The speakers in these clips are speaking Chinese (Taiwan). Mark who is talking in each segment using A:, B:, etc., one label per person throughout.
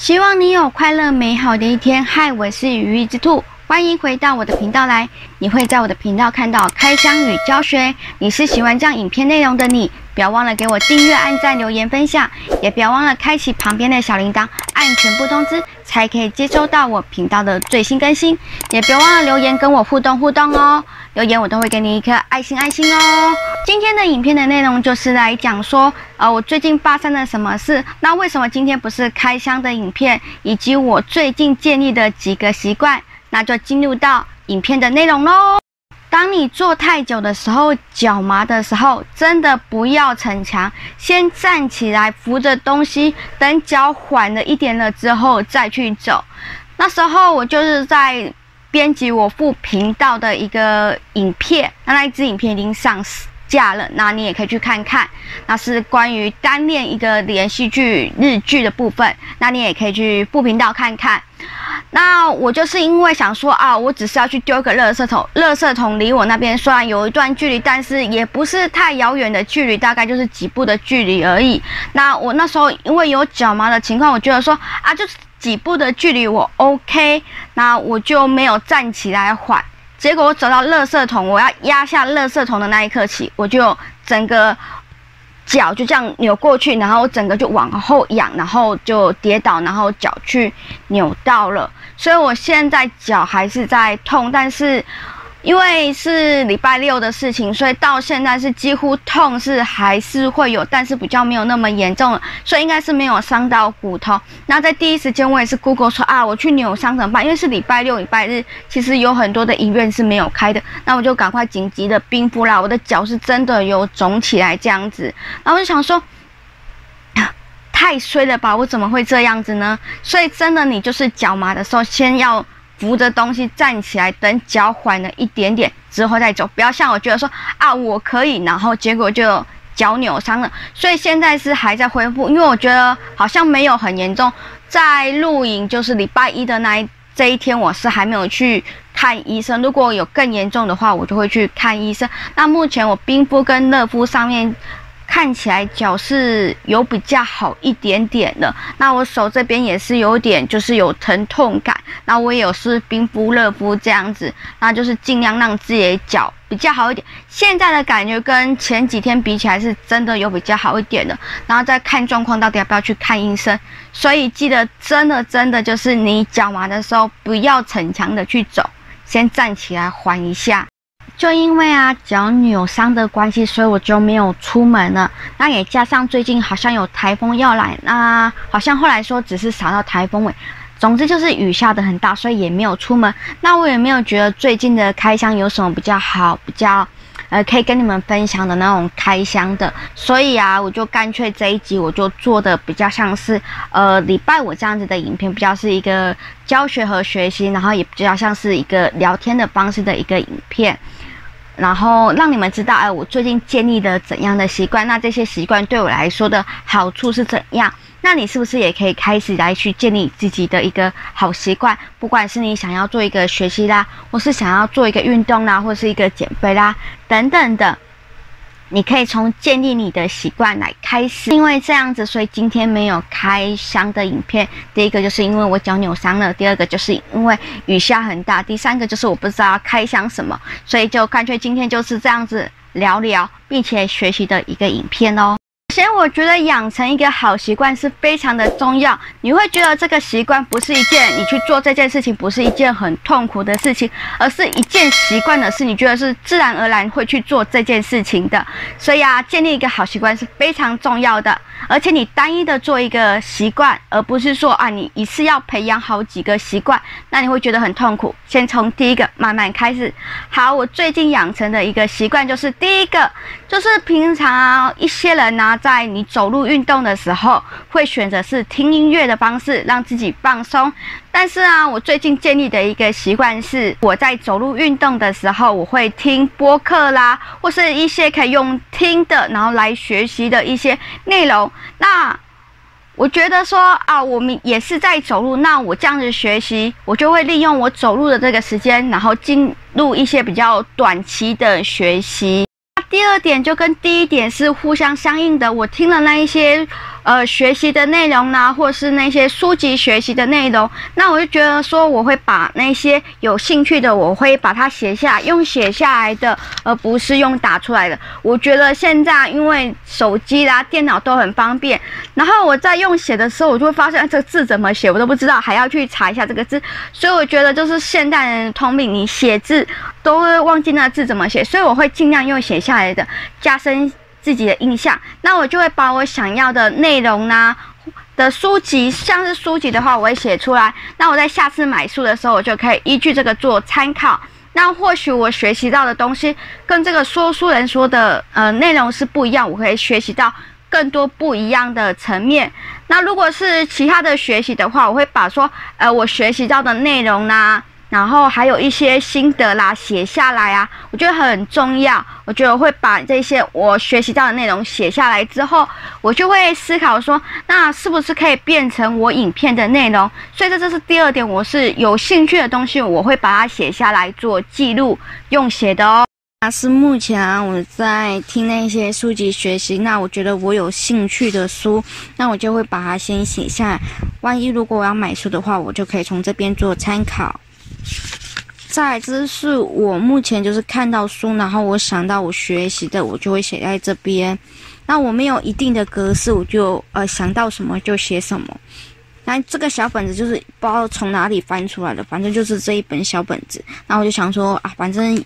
A: 希望你有快樂美好的一天。嗨，我是羽翼之兔，歡迎回到我的頻道來。你會在我的頻道看到開箱與教學。你是喜歡這樣影片內容的你，不要忘了給我訂閱、按讚、留言、分享，也不要忘了開啟旁邊的小鈴鐺，按全部通知，才可以接收到我頻道的最新更新。也別忘了留言跟我互動互動哦。留言我都會給你一顆愛心，愛心哦。今天的影片的內容就是來講說，呃，我最近發生了什麼事。那為什麼今天不是開箱的影片，以及我最近建立的幾個習慣，那就進入到影片的內容嘍。當你坐太久的時候，腳麻的時候，真的不要逞強，先站起來扶着東西，等腳緩了一點了之後再去走。那時候我就是在。編輯我副頻道的一個影片，那那一支影片已經上架了，那你也可以去看看。那是關於單戀一個連續劇日劇的部分，那你也可以去副頻道看看。那我就是因為想說啊，我只是要去丟個垃圾桶，垃圾桶離我那邊雖然有一段距離，但是也不是太遙遠的距離，大概就是幾步的距離而已。那我那時候因為有腳麻的情況，我覺得說啊，就是。幾步的距離我 OK，那我就沒有站起來緩。結果我走到垃圾桶，我要壓下垃圾桶的那一刻起，我就整個腳就這樣扭過去，然後我整個就往後仰，然後就跌倒，然後腳去扭到了。所以我現在腳還是在痛，但是。因為是禮拜六的事情，所以到現在是幾乎痛是還是會有，但是比較沒有那麼嚴重，所以應該是沒有傷到骨頭。那在第一時間我也是 Google 說啊，我去扭傷怎麼辦？因為是禮拜六、禮拜日，其實有很多的醫院是沒有開的。那我就趕快緊急的冰敷啦，我的腳是真的有腫起來這樣子。然後我就想說，太衰了吧，我怎麼會這樣子呢？所以真的，你就是腳麻的時候，先要。扶着東西站起來，等腳緩了一點點之後再走，不要像我覺得說啊，我可以，然後結果就腳扭傷了，所以現在是還在恢復，因為我覺得好像沒有很嚴重。在錄影就是禮拜一的那一這一天，我是還沒有去看醫生，如果有更嚴重的話，我就會去看醫生。那目前我冰敷跟熱敷上面，看起來腳是有比較好一點點的。那我手這邊也是有點，就是有疼痛感。那我也有是冰敷熱敷這樣子，那就是盡量讓自己的腳比較好一點。現在的感覺跟前幾天比起來，是真的有比較好一點的。然後再看狀況，到底要不要去看醫生。所以記得，真的真的就是你腳麻的時候，不要逞強的去走，先站起來緩一下。就因為啊腳扭傷的關係，所以我就沒有出門了。那也加上最近好像有颱風要來，那好像後來說只是掃到颱風尾。總之就是雨下的很大，所以也沒有出門。那我也沒有覺得最近的開箱有什麼比較好，比較呃可以跟你們分享的那種開箱的。所以啊，我就乾脆這一集我就做的比較像是呃禮拜五這樣子的影片，比較是一個教學和學習，然後也比較像是一個聊天的方式的一個影片。然後讓你們知道，哎，我最近建立的怎樣的習慣？那這些習慣對我來說的好處是怎樣？那你是不是也可以開始來去建立自己的一個好習慣？不管是你想要做一個學習啦，或是想要做一個運動啦，或是一個減肥啦，等等的。你可以從建立你的習慣來開始，因為這樣子，所以今天沒有開箱的影片。第一個就是因為我腳扭傷了，第二個就是因為雨下很大，第三個就是我不知道要開箱什麼，所以就乾脆今天就是這樣子聊聊，並且學習的一個影片哦。首先，我覺得養成一個好習慣是非常的重要。你會覺得這個習慣不是一件你去做這件事情不是一件很痛苦的事情，而是一件習慣的事。你覺得是自然而然會去做這件事情的。所以啊，建立一個好習慣是非常重要的。而且你單一的做一個習慣，而不是說啊，你一次要培養好幾個習慣，那你會覺得很痛苦。先從第一個慢慢開始。好，我最近養成的一個習慣就是第一個。就是平常啊，一些人呢啊，在你走路運動的時候，會選擇是聽音樂的方式讓自己放鬆。但是啊，我最近建立的一個習慣是，我在走路運動的時候，我會聽播客啦，或是一些可以用聽的，然後來學習的一些內容。那我覺得說啊，我們也是在走路，那我這樣子學習，我就會利用我走路的這個時間，然後進入一些比較短期的學習。第二點就跟第一點是互相相應的。我聽了那一些。呃，學習的內容呢、啊，或是那些書籍學習的內容，那我就覺得說，我會把那些有興趣的，我會把它寫下來，用寫下來的，而、呃、不是用打出來的。我覺得現在因為手機啦、電腦都很方便，然後我在用寫的時候，我就會發現、啊、這個字怎麼寫我都不知道，還要去查一下這個字。所以我覺得就是現代人的通病，你寫字都會忘記那字怎麼寫，所以我會盡量用寫下來的，加深。自己的印象，那我就會把我想要的內容呢、啊、的書籍，像是書籍的話，我會寫出來。那我在下次買書的時候，我就可以依據這個做參考。那或許我學習到的東西跟這個說書人說的呃內容是不一樣，我可以學習到更多不一樣的層面。那如果是其他的學習的話，我會把說呃我學習到的內容呢、啊。然後還有一些心得啦，寫下來啊，我覺得很重要。我覺得我會把這些我學習到的內容寫下來之後，我就會思考說，那是不是可以變成我影片的內容？所以這就是第二點，我是有興趣的東西，我會把它寫下來做記錄，用寫的哦。那、啊、是目前、啊、我在聽那些書籍學習，那我覺得我有興趣的書，那我就會把它先寫下來。萬一如果我要買書的話，我就可以從這邊做參考。再來，這是我目前就是看到書，然後我想到我學習的，我就會寫在這邊。那我沒有一定的格式，我就呃想到什麼就寫什麼。那這個小本子就是不知道從哪裡翻出來的，反正就是這一本小本子。然後我就想說啊，反正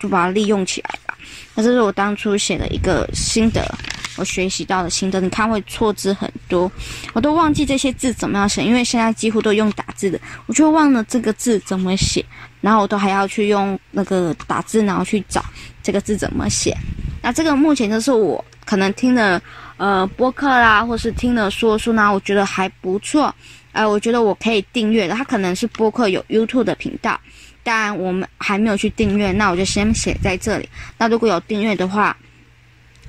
A: 就把它利用起來吧。那這是我當初寫的一個心得。我學習到的心得，你看會錯字很多，我都忘記這些字怎麼樣寫，因為現在幾乎都用打字的，我就忘了這個字怎麼寫，然後我都還要去用那個打字，然後去找這個字怎麼寫。那這個目前就是我可能聽的呃播客啦，或是聽的說書呢，我覺得還不錯，呃，我覺得我可以訂閱的，它可能是播客有 YouTube 的頻道，但我們還沒有去訂閱，那我就先寫在這裡。那如果有訂閱的話。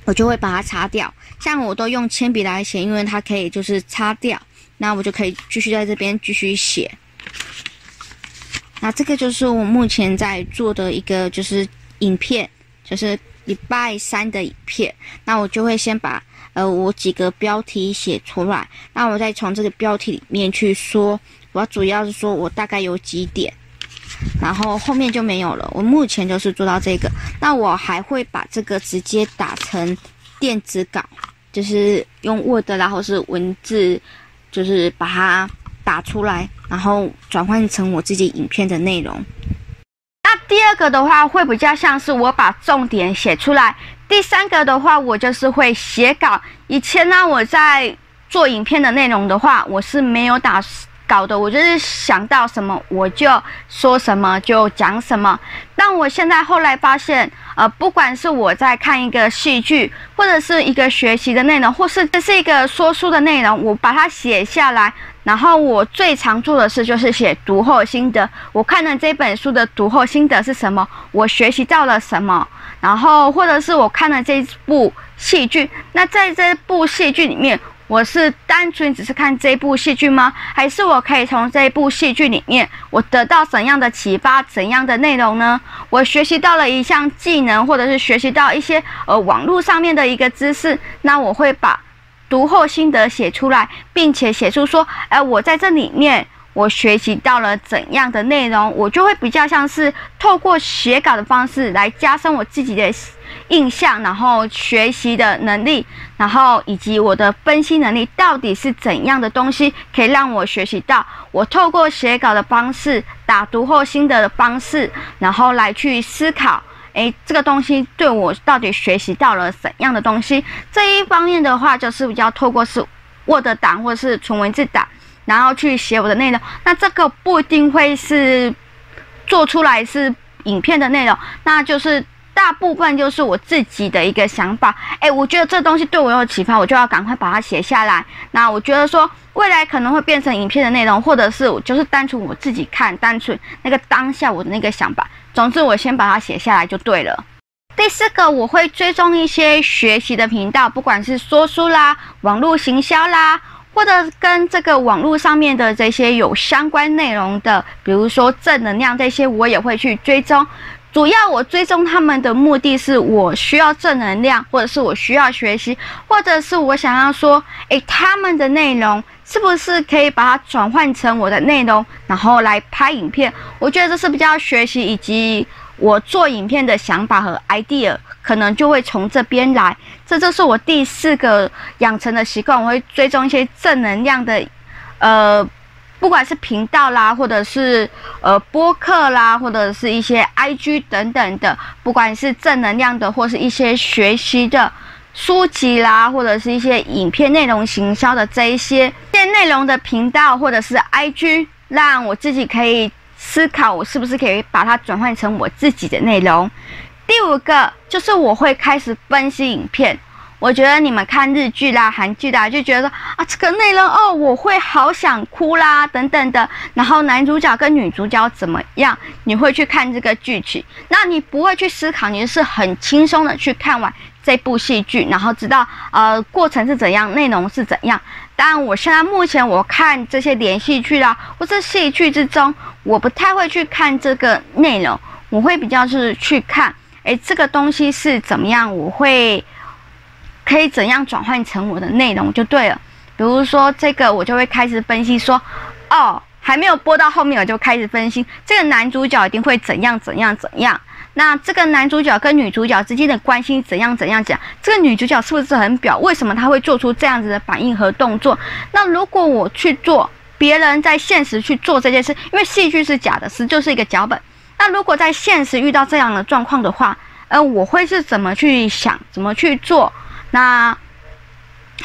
A: 我就會把它擦掉，像我都用鉛筆來寫，因為它可以就是擦掉，那我就可以繼續在這邊繼續寫。那這個就是我目前在做的一個就是影片，就是禮拜三的影片。那我就會先把呃我幾個標題寫出來，那我再從這個標題裡面去說，我主要是說我大概有幾點。然後後面就沒有了。我目前就是做到這個，那我還會把這個直接打成電子稿，就是用 Word，然後是文字，就是把它打出來，然後轉換成我自己影片的內容。那第二個的話會比較像是我把重點寫出來。第三個的話，我就是會寫稿。以前呢，我在做影片的內容的話，我是沒有打。搞的，我就是想到什麼我就說什麼就講什麼。但我現在後來發現，呃，不管是我在看一個戲劇，或者是一個學習的內容，或是這是一個說書的內容，我把它寫下來。然後我最常做的事就是寫讀後心得。我看了這本書的讀後心得是什麼？我學習到了什麼？然後或者是我看了這部戲劇，那在這部戲劇裡面。我是單純只是看這部戲劇嗎？還是我可以從這部戲劇裡面，我得到怎樣的啟發、怎樣的內容呢？我學習到了一項技能，或者是學習到一些呃網絡上面的一個知識，那我會把讀後心得寫出來，並且寫出說，哎、呃，我在這裡面。我學習到了怎樣的內容，我就會比較像是透過寫稿的方式來加深我自己的印象，然後學習的能力，然後以及我的分析能力到底是怎樣的東西，可以讓我學習到。我透過寫稿的方式，打讀後心得的方式，然後來去思考，哎，這個東西對我到底學習到了怎樣的東西。這一方面的話，就是比較透過是 Word 檔或者是純文字檔。然後去寫我的內容，那這個不一定會是做出來是影片的內容，那就是大部分就是我自己的一個想法。哎，我覺得這東西對我有啟發，我就要趕快把它寫下來。那我覺得說未來可能會變成影片的內容，或者是我就是單純我自己看，單純那個當下我的那個想法。總之，我先把它寫下來就對了。第四個，我會追蹤一些學習的頻道，不管是說書啦、網絡行銷啦。或者跟這個網絡上面的這些有相關內容的，比如說正能量這些，我也會去追蹤。主要我追蹤他們的目的是，我需要正能量，或者是我需要學習，或者是我想要說，哎，他們的內容是不是可以把它轉換成我的內容，然後來拍影片。我覺得這是比較學習以及我做影片的想法和 idea。可能就會從這邊來，這就是我第四個養成的習慣。我會追蹤一些正能量的，呃，不管是頻道啦，或者是呃播客啦，或者是一些 IG 等等的，不管是正能量的，或是一些學習的書籍啦，或者是一些影片內容、行銷的這一些內容的頻道，或者是 IG，讓我自己可以思考，我是不是可以把它轉換成我自己的內容。第五個就是我會開始分析影片。我覺得你們看日劇啦、韓劇啦，就覺得說啊，這個內容哦，我會好想哭啦，等等的。然後男主角跟女主角怎麼樣，你會去看這個劇情。那你不會去思考，你是很輕鬆的去看完這部戲劇，然後知道呃過程是怎樣，內容是怎樣。當然我現在目前我看這些連續劇啦，或者戲劇之中，我不太會去看這個內容，我會比較是去看。哎、欸，這個東西是怎麼樣？我會可以怎樣轉換成我的內容就對了。比如說，這個我就會開始分析說，哦，還沒有播到後面，我就開始分析這個男主角一定會怎樣怎樣怎樣。那這個男主角跟女主角之間的關係怎樣怎樣講？這個女主角是不是很婊？為什麼她會做出這樣子的反應和動作？那如果我去做別人在現實去做這件事，因為戲劇是假的事，實就是一個腳本。那如果在現實遇到這樣的狀況的話，呃，我會是怎麼去想、怎麼去做？那，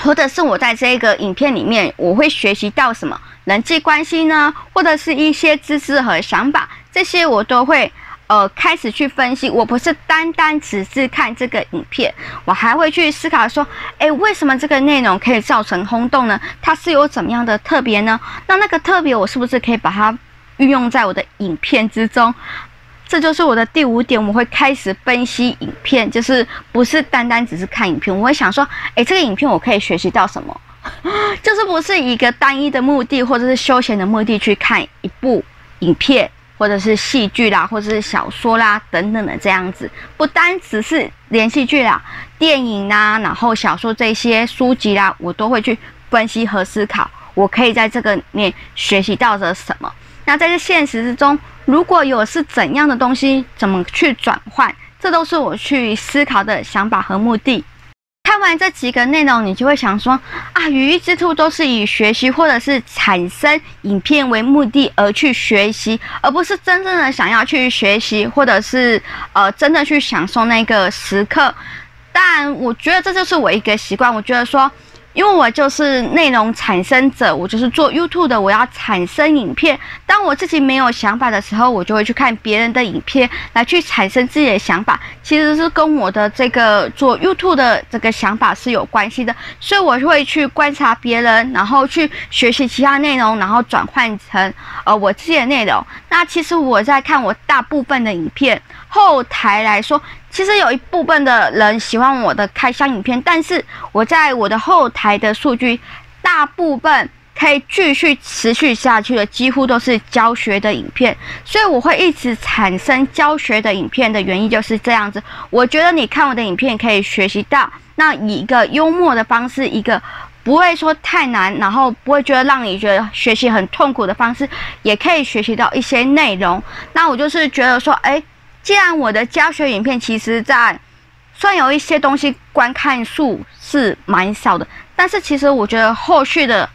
A: 或者是我在這個影片裡面，我會學習到什麼人際關係呢？或者是一些知識和想法，這些我都會，呃，開始去分析。我不是單單只是看這個影片，我還會去思考說，欸，為什麼這個內容可以造成轟動呢？它是有怎麼樣的特別呢？那那個特別，我是不是可以把它？運用在我的影片之中，這就是我的第五點。我會開始分析影片，就是不是單單只是看影片，我會想說，哎，這個影片我可以學習到什麼？就是不是一個單一的目的，或者是休閒的目的去看一部影片，或者是戲劇啦，或者是小說啦等等的這樣子。不單只是連續劇啦、電影吶，然後小說這些書籍啦，我都會去分析和思考，我可以在這個裡面學習到的什麼。那在這現實之中，如果有是怎樣的東西，怎麼去轉換？這都是我去思考的想法和目的。看完這幾個內容，你就會想說：啊，羽翼之兔都是以學習或者是產生影片為目的而去學習，而不是真正的想要去學習，或者是呃，真的去享受那個時刻。但我覺得這就是我一個習慣，我覺得說。因為我就是內容產生者，我就是做 YouTube 的，我要產生影片。當我自己沒有想法的時候，我就會去看別人的影片，來去產生自己的想法。其實是跟我的這個做 YouTube 的這個想法是有關係的，所以我會去觀察別人，然後去學習其他內容，然後轉換成呃我自己的內容。那其實我在看我大部分的影片。後台來說，其實有一部分的人喜歡我的開箱影片，但是我在我的後台的數據，大部分可以繼續持續下去的，幾乎都是教學的影片，所以我會一直產生教學的影片的原因就是這樣子。我覺得你看我的影片可以學習到，那以一個幽默的方式，一個不會說太難，然後不會覺得讓你覺得學習很痛苦的方式，也可以學習到一些內容。那我就是覺得說，哎、欸。既然我的教學影片其實在，在算有一些東西，觀看數是蠻少的，但是其實我覺得後續的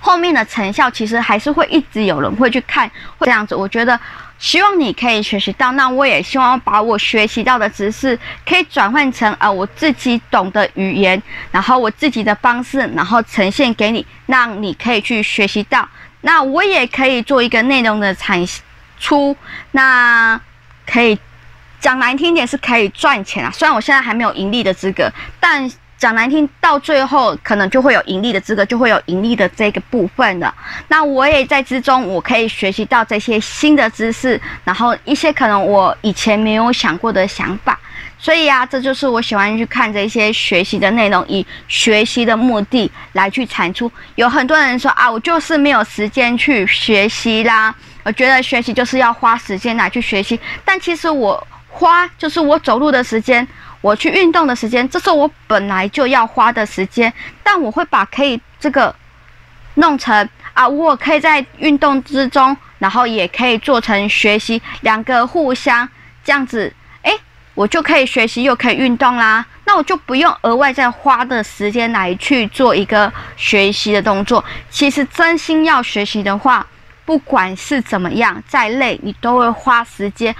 A: 後面的成效，其實還是會一直有人會去看，這樣子。我覺得希望你可以學習到，那我也希望把我學習到的知識，可以轉換成啊、呃、我自己懂的語言，然後我自己的方式，然後呈現給你，讓你可以去學習到。那我也可以做一個內容的產出，那。可以講難聽點，是可以賺錢啊！雖然我現在還沒有盈利的資格，但講難聽到最後，可能就會有盈利的資格，就會有盈利的這個部分了。那我也在之中，我可以學習到這些新的知識，然後一些可能我以前沒有想過的想法。所以啊，這就是我喜歡去看這些學習的內容，以學習的目的來去產出。有很多人說啊，我就是沒有時間去學習啦。我覺得學習就是要花時間來去學習，但其實我花就是我走路的時間，我去運動的時間，這是我本來就要花的時間。但我會把可以這個弄成啊，我可以在運動之中，然後也可以做成學習，兩個互相這樣子，誒，我就可以學習又可以運動啦。那我就不用額外再花的時間來去做一個學習的動作。其實真心要學習的話。不管是怎麼樣，再累你都會花時間，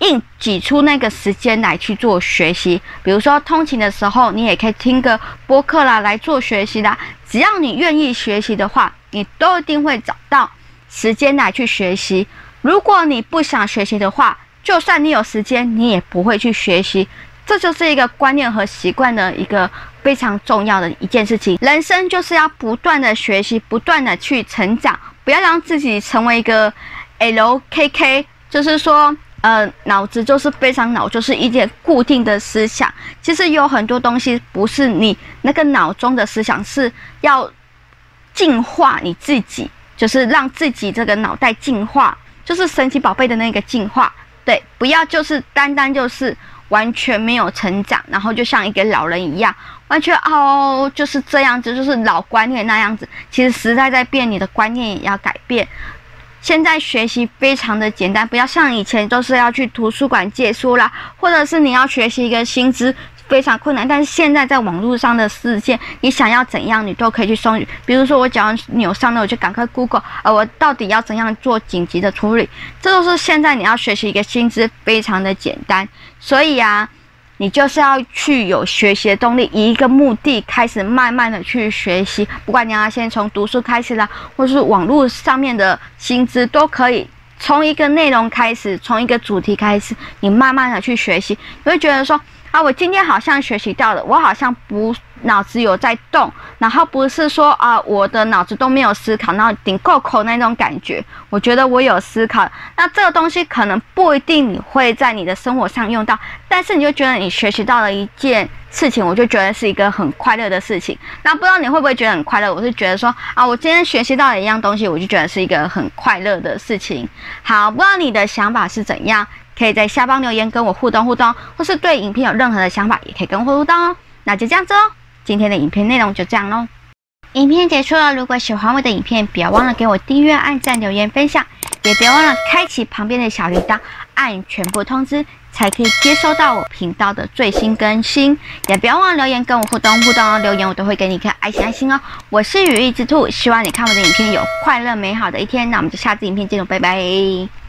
A: 硬擠出那個時間來去做學習。比如說通勤的時候，你也可以聽個播客啦來做學習啦。只要你願意學習的話，你都一定會找到時間來去學習。如果你不想學習的話，就算你有時間，你也不會去學習。這就是一個觀念和習慣的一個非常重要的一件事情。人生就是要不斷的學習，不斷的去成長。不要讓自己成為一個 LKK，就是說，呃，腦子就是非常腦就是一件固定的思想。其實有很多東西不是你那個腦中的思想，是要進化你自己，就是讓自己這個腦袋進化，就是神奇寶貝的那個進化。對，不要就是單單就是。完全沒有成長，然後就像一個老人一樣，完全哦就是這樣子，就是老觀念那樣子。其實時代在，在變，你的觀念也要改變。現在學習非常的簡單，不要像以前都是要去圖書館借書啦，或者是你要學習一個新知，非常困難，但是現在在網絡上的世界，你想要怎樣，你都可以去搜。比如說我腳扭傷了，我就趕快 Google，呃，我到底要怎樣做緊急的處理？這就是現在你要學習一個新知，非常的簡單。所以啊，你就是要去有學習的動力，以一個目的開始慢慢的去學習。不管你要先從讀書開始啦，或是網絡上面的新知都可以。從一個內容開始，從一個主題開始，你慢慢的去學習，你會覺得說啊，我今天好像學習到了，我好像不腦子有在動，然後不是說啊，我的腦子都沒有思考，然後頂夠口，口那種感覺，我覺得我有思考。那這個東西可能不一定你會在你的生活上用到，但是你就覺得你學習到了一件。事情我就覺得是一個很快樂的事情，那不知道你會不會覺得很快樂？我是覺得說啊，我今天學習到了一樣東西，我就覺得是一個很快樂的事情。好，不知道你的想法是怎樣，可以在下方留言跟我互動互動，或是對影片有任何的想法，也可以跟我互動哦。那就這樣子哦。今天的影片內容就這樣嘍，影片結束了。如果喜歡我的影片，別忘了給我訂閱、按讚、留言、分享，也別忘了開啟旁邊的小鈴鐺，按全部通知。才可以接收到我頻道的最新更新，也不要忘了留言跟我互動互動哦，留言我都會給你一顆愛心愛心哦。我是羽翼之兔，希望你看我的影片有快樂美好的一天，那我們就下次影片見嘍，拜拜。